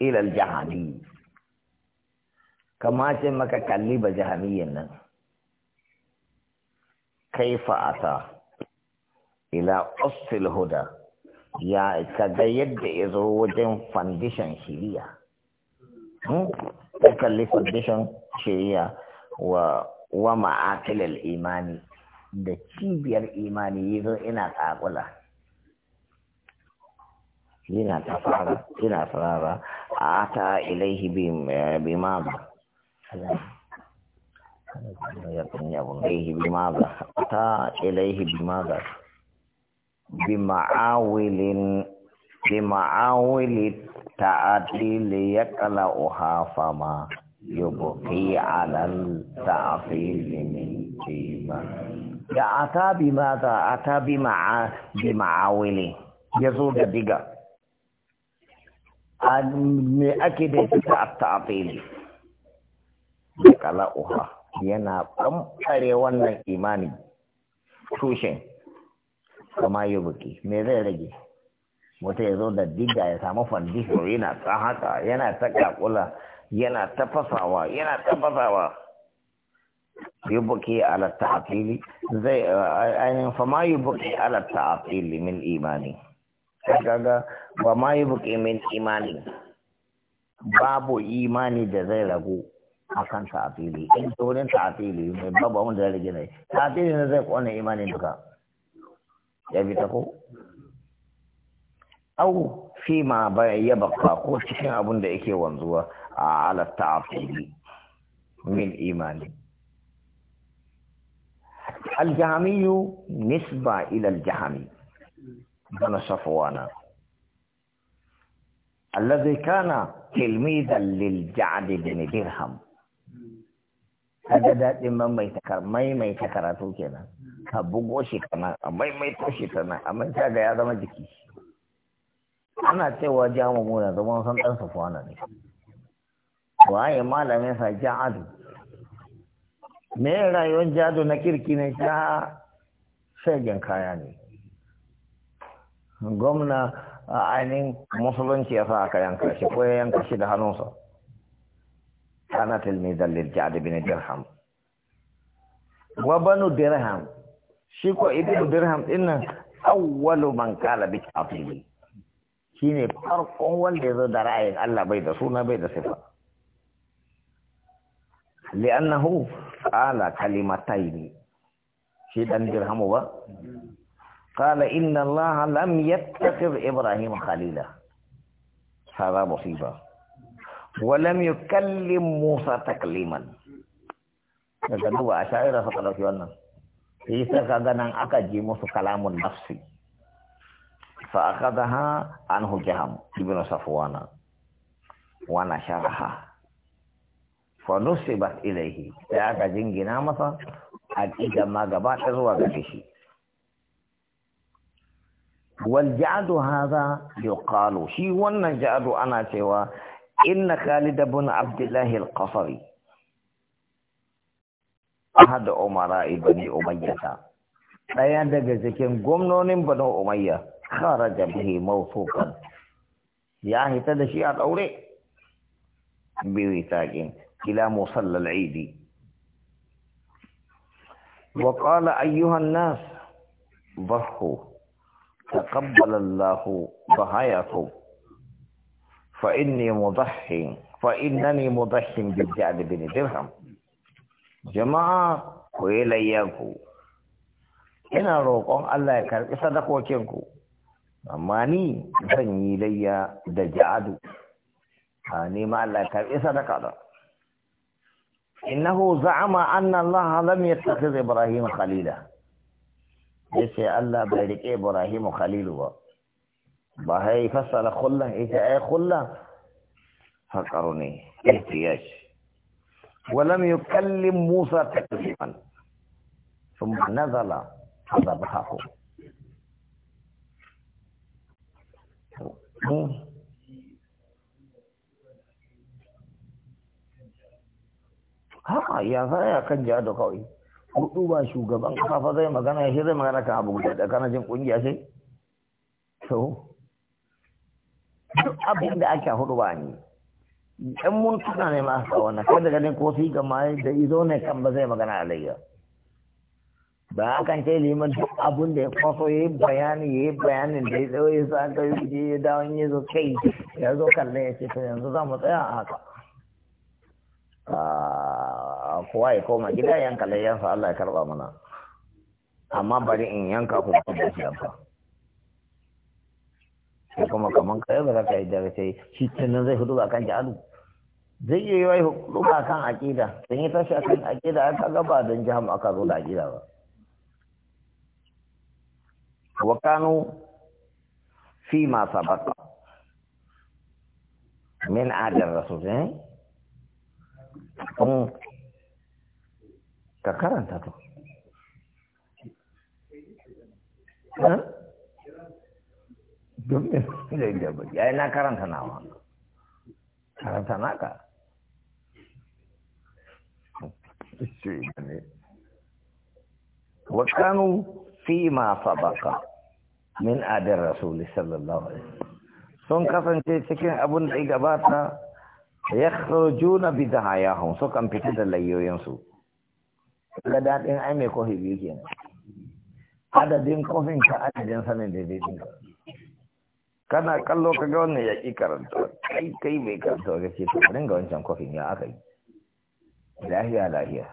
ilal jahami ce maka kalli ba jahamiyyan nan kai ata ila ostil huda ya kaga yadda ya zo wajen foundation shiriya ya hmm? kalli foundation shiriya wa wa ma’akilar imani da cibiyar imani ya zo ina kaƙula. yana tafara yana farara a ta ilaihi bi ma ba ta ilaihi bi ma ba bi ma'awilin bi ma'awili ta'adili ya kala uha fama yubuki alal ta'afili min jima ya ata bi ma za ata bi ma'awili ya zo da diga me ake da ita a ta'atili da uha yana ɓamɓare wannan imani tushen kama yi buki me zai rage wata ya zo da diga ya samu fandisho yana ta haka yana ta kakula yana ta fasawa yana ta fasawa yi buki ala ta'atili zai ainihin fama yi buki ala ta'atili min imani kaga ba ma yi bukimin imani babu imani da zai ragu a kan ta'atili in turin ta'atili mai babu wanda zai rage nai ta'atili ne zai kone imani duka ya bi ta ko au fi ma ya baka ko cikin abin da yake wanzuwa a ala ta'atili min imani الجهمي نسبة إلى الجهمي bana safwana alladhi kana tilmidan lil ja'd bin dirham hada din mai takar mai kenan ka bugo shi kana mai mai shi kana amma ta ga ya zama jiki ana cewa jamu muna zama san dan safwana ne waye malamin sa ja'ad me rayon jado na kirki ne ta sai kaya ne gwamna a ainihin musulunci ya sa aka yanka shi ko ya yanka shi da hannunsa kana tilmizan liljadi bin dirham wa banu dirham shi ko ibn dirham dinnan awwalu man kala bi Shi shine farkon wanda zo da ra'ayin Allah bai da suna bai da sifa li'annahu qala kalimataini shi dan dirhamu ba قال إن الله لم يتخذ إبراهيم خليلا هذا مصيبة ولم يكلم موسى تكليما daga duba a sha'ira suka ɗauki wannan sai sai ka ganin aka ji musu kalamun nafsi fa akadaha anhu jaham ibnu safwana wa nasharaha fa nusibat ilayhi sai aka jingina masa aqida ma gaba ta zuwa gare shi والجعد هذا يقال شي والنجعد أنا سوى إن خالد بن عبد الله القصري أحد أمراء بني أمية سيادة جزيكم قمنون بنو أمية خرج به موثوقا يا هتد شيعة أولي بوثاق إلى مصلى العيد وقال أيها الناس ضحوا تقبل الله ضحاياكم فإني مضحي فإنني مضحي بالجعد بن درهم جماعة ويلياكو ina roƙon Allah ya karɓi sadakokinku amma ni zan yi layya da ja'adu a nema Allah ya karɓi sadaka da innahu za'ama anna Allah lam yattakhidh Ibrahim khalila دسي الله بيرك ابراهيم خليل و باهي فصل خله اذا اي خله فكرني احتياج ولم يكلم موسى تكلما ثم نزل فذبحه ها يا ها يا كان جادو قوي hudu ba shugaban kafa fa zai magana shi zai magana kan abu guda da kana jin kungiya sai so duk abin da ake hudu ba ni dan mun tuna ne ma haka wannan kai da ganin kofi ga mai da izo ne kan ba zai magana alayya ba kan ce liman duk abun da ya kwaso ya yi bayani ya yi bayanin da ya tsawo ya sa kai yi ya dawo ya zo kai ya zo kalle ya ce to yanzu za mu tsaya a haka ah, kowa ya koma gida yanka layyansa Allah ya karba mana amma bari in yanka ku da shi yanka sai kuma kaman kai ba zaka ka yi daga sai shi tunan zai hudu ba jihadu zai yi wai hudu ba kan aƙida sun yi tashi akan aƙida ya ta ba don jiham aka zo da aƙida ba wa kanu fi ma sabaka min adar rasul eh? ne ka karanta to ya na karanta nawa karanta naka وكانوا fi ma من min الرسول rasuli sallallahu عليه وسلم sun kasance cikin abun da ya gabata ya na bidahayahun kan fita da layoyinsu ga daɗin ai mai kofi biyu kenan adadin kofin ka adadin sanin zai ka kana kallo ka ga wannan yaƙi karanta kai kai mai karanta wa ce to ringa wancan kofin ya aka yi lahiya lahiya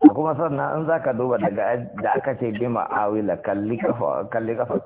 a kuma sannan in za ka duba daga da aka ce bi ma'awila kalli kafa kalli kafa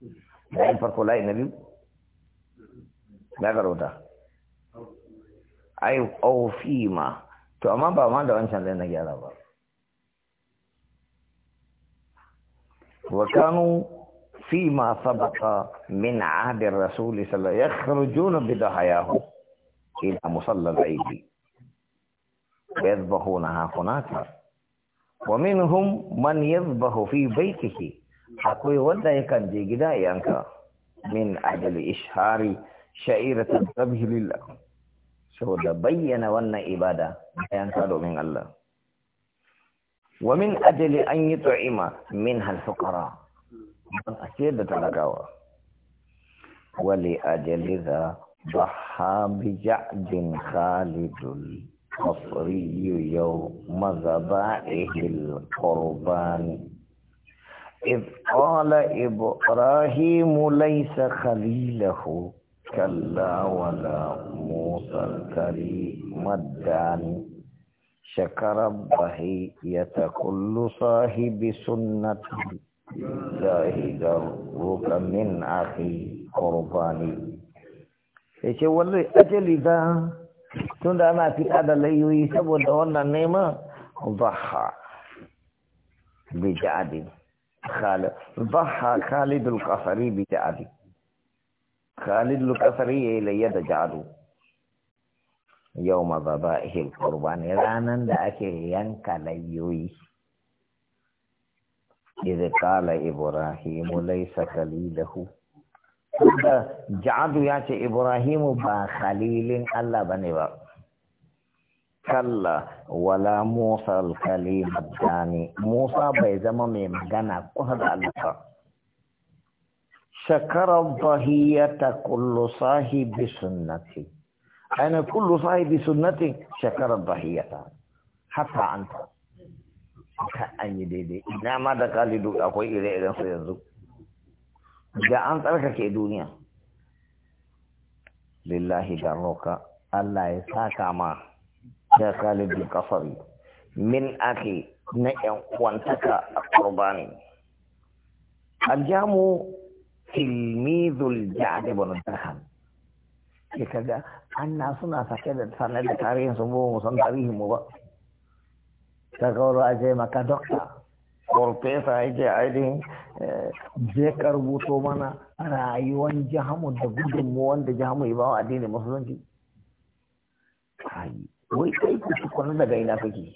yi farko layi na biyu ya garota ai ofi ma to amma ba ma da wancan zai na gyara ba wa fi ma sabaka min ahdi rasul sallallahu alaihi yakhrujuna bidahayahu ila musalla al-eid yadhbahunaha hunaka wa minhum man yadhbahu fi baytihi akwai wanda yakan je gida yanka min ajali ishari sha'iratul dhabhi lillah saboda bayyana wannan ibada bayan ka domin Allah wa min ajali an yi tu'ima min halfukara don a ce da talakawa wali ajali za ضحى بجعد خالد القصري يوم ذبائه القربان إذ قال إبراهيم ليس خليله كلا ولا موسى الكريم مداني شكر به يتكل صاحب سنة زاهد الروك من أخي قرباني إيش هو اللي أجل إذا تند أنا في هذا الليل يسبب دون النعمة ضحى بجعد خالد ضحى خالد القصري بجعد Khalid ƙasar ya yi layya da ja'adu yau mazaba ihil kurban ranar da ake yanka layyoyi. Iza Ibrahimu laisa kalilahu. Ja'adu ya ce Ibrahimu ba khalilin Allah ba ne ba. Kalla wala Musa al-Kalim Musa bai zama mai magana kusa da Allah شكر الضهية كل صاحب سنة أنا كل صاحب سنة شكر الضهية حتى أنت دي دي إذا ما دقال دول أخوي إلي إلي سيزو جاء أنت لك في دنيا لله جاروك الله يساك ما ma ya قصري من min نئن وانتك أقرباني الجامو tilmidul ja'ad ibn ya ke kaga anna suna sake da sanar da tarihin su mu san tarihin mu ba ta kawo a je maka dokta farfesa yake ainihin eh, je ka rubuto mana rayuwar jihamu da gudunmuwan da jihamu ya bawa addinin musulunci wai kai ku tukuna daga ina kake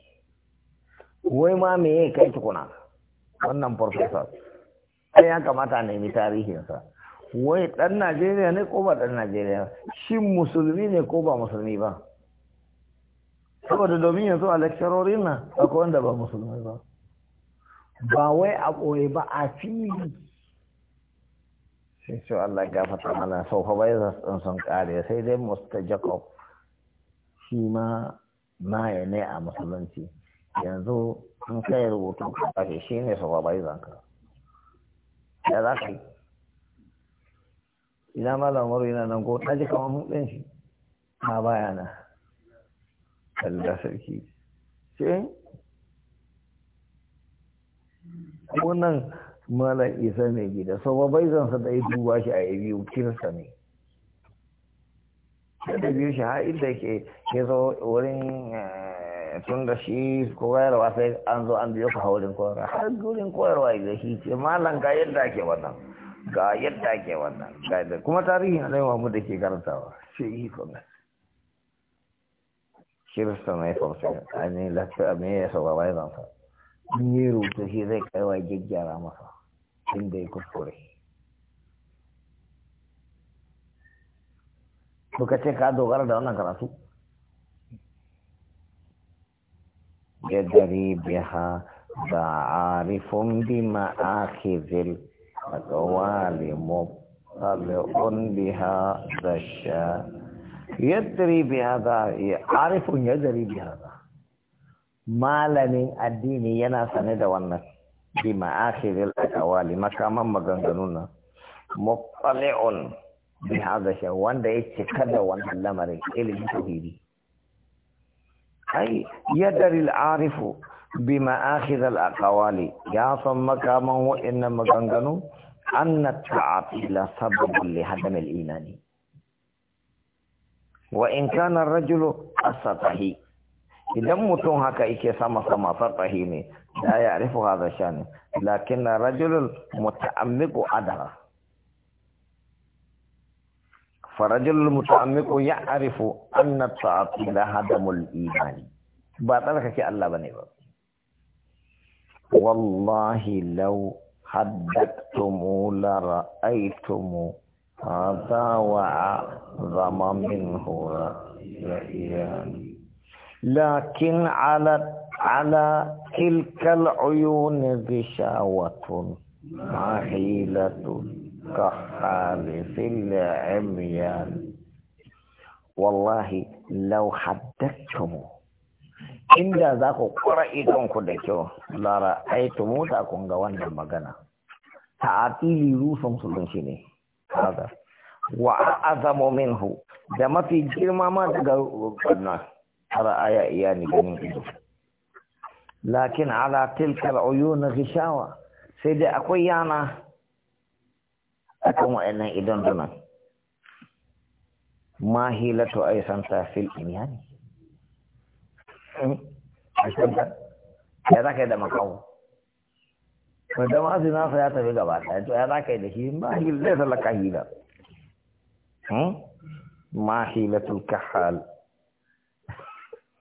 wai ma me kai tukuna wannan farfesa ai ya kamata a nemi tarihinsa wai dan najeriya ne ko ba dan najeriya shi musulmi ne ko ba musulmi ba saboda domin yanzu a lecturorin nan akwai wanda ba musulmi ba ba wai a ɓoye ba a fili sai ce Allah fata mana sau za su zan sun ƙare sai dai musta jacob shi ma maye ne a musulunci yanzu in kai rubutu ka shi ne sauka fa bai zanka da za ka yi ina ma lamaru yana nan ko ɗaji kamar mutsin shi ma baya na Allah sarki ce wannan malar isa mai gida sau bai zansa da ya duba shi a yi biyu kirsa ne da biyu shi har da ke ke zo wurin eh, tun da shi koyarwa sai an zo an biyo ka haurin koyarwa har gurin koyarwa ga shi ce malam ga yadda ke wannan ga yadda ke wannan ga yadda kuma tarihi na zai mu da ke karantawa shi yi kuma kirista na mai fausa a ne lafiya mai ya saba bai zanfa in yi rubuta shi zai kaiwa gyaggyara masa inda ya kuskure to ce ka dogara da wannan karatu يجري بها فعارف بمآخذ الأقوال مطلع بها ذا الشأن yadri bi hada arifun yadri bi hada malamin addini yana sane da wannan bi ma'akhiril aqwali makaman maganganun nan on bi hada shi wanda ya cika da wannan lamarin ilimin tauhidi ai yadaril arifu bi ma'akhidh al ya san makaman wa'annan maganganu anna ta'atila sababun li hadam al wa in kana ar-rajulu asatahi idan mutum haka yake sama sama satahi ne da ya arifu hadha shan lakin ar-rajulu muta'ammiqu adara فرجل المتعمق يعرف أن التعطيل هدم الإيمان باطل كي الله بني والله لو حدثتم لرأيتم هذا وعظم منه رأيان لكن على على تلك العيون غشاوة ما حيلة كخالف العميان wallahi lau haddattumu inda za ku kura idonku da kyau lara aitu mota kun ga wannan magana ta'atili rusa musulunci ne wa azamu minhu da mafi girma ma daga wannan aya iya ni ganin lakin ala tilka al'uyun ghishawa sai dai akwai yana akan wa'annan idan dunan ma hilatu ay santa fil imani ya za ka yi da makawo wanda ma zina sa ya tafi gaba ɗaya to ya za ka yi da shi ma hila zai talaka hila ma hilatul kahal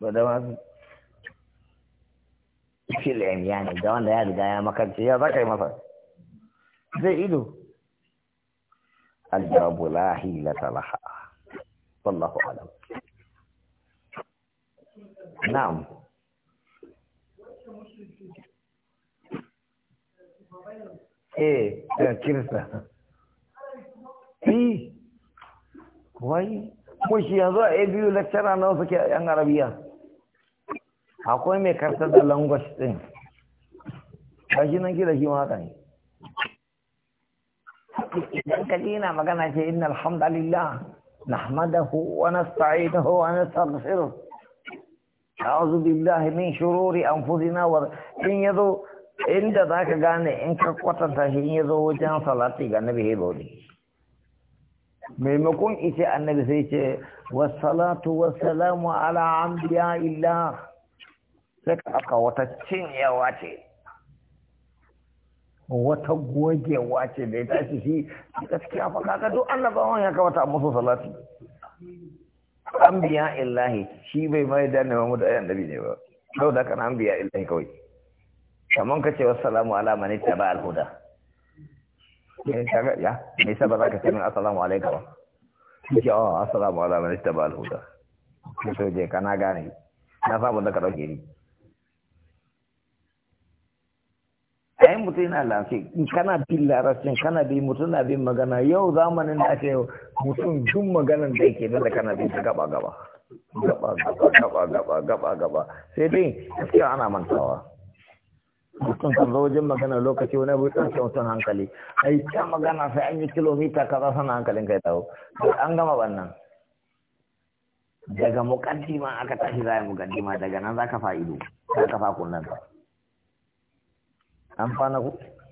wanda ma fil imani da wanda ya riga ya makarci ya za ka yi masa zai ido الجواب لا حيلة لها والله أعلم نعم ايه كرسة في wai shi yanzu a a biyu nawa suke yan arabiya akwai mai kartar da language din kashi nan kira shi ma haka ne idan ka yana magana ce inna alhamdulillah nahmadahu wa nasta'inuhu wa nastaghfiruh a'udhu billahi min shururi anfusina wa in yazo inda zaka gane in ka kwatanta shi in yazo wajen salati ga nabi hebodi maimakon ice annabi sai ce salatu wassalatu wassalamu ala anbiya'illah sai aka wata cin yawa ce wata gogewa ce da ya tashi shi gaskiya fa kaga duk annabawan ya kamata a musu salati anbiya illahi shi bai mai da ne mamu da annabi ne ba saboda kana anbiya illahi kawai kaman ka ce wassalamu ala mani ittaba al huda eh, kaga ya me yasa ba za ka ce min assalamu alaikum ba kike awa oh, assalamu ala mani ittaba al huda to je kana gane na samu da ka dauke ni mutum yana lafi kana bin larasin kana bin mutum na bin magana yau zamanin da ake mutum jin maganan da yake da kana bin ta gaba gaba gaba gaba gaba gaba gaba sai dai gaskiya ana mantawa mutum kan zo wajen magana lokaci wani abu ɗauke mutum hankali ai ta magana sai an yi kilomita kaza sana hankalin kai tawo an gama wannan daga mukaddima aka tashi za a yi mukaddima daga nan za ka fa'ido za ka fa kunnan an fana ku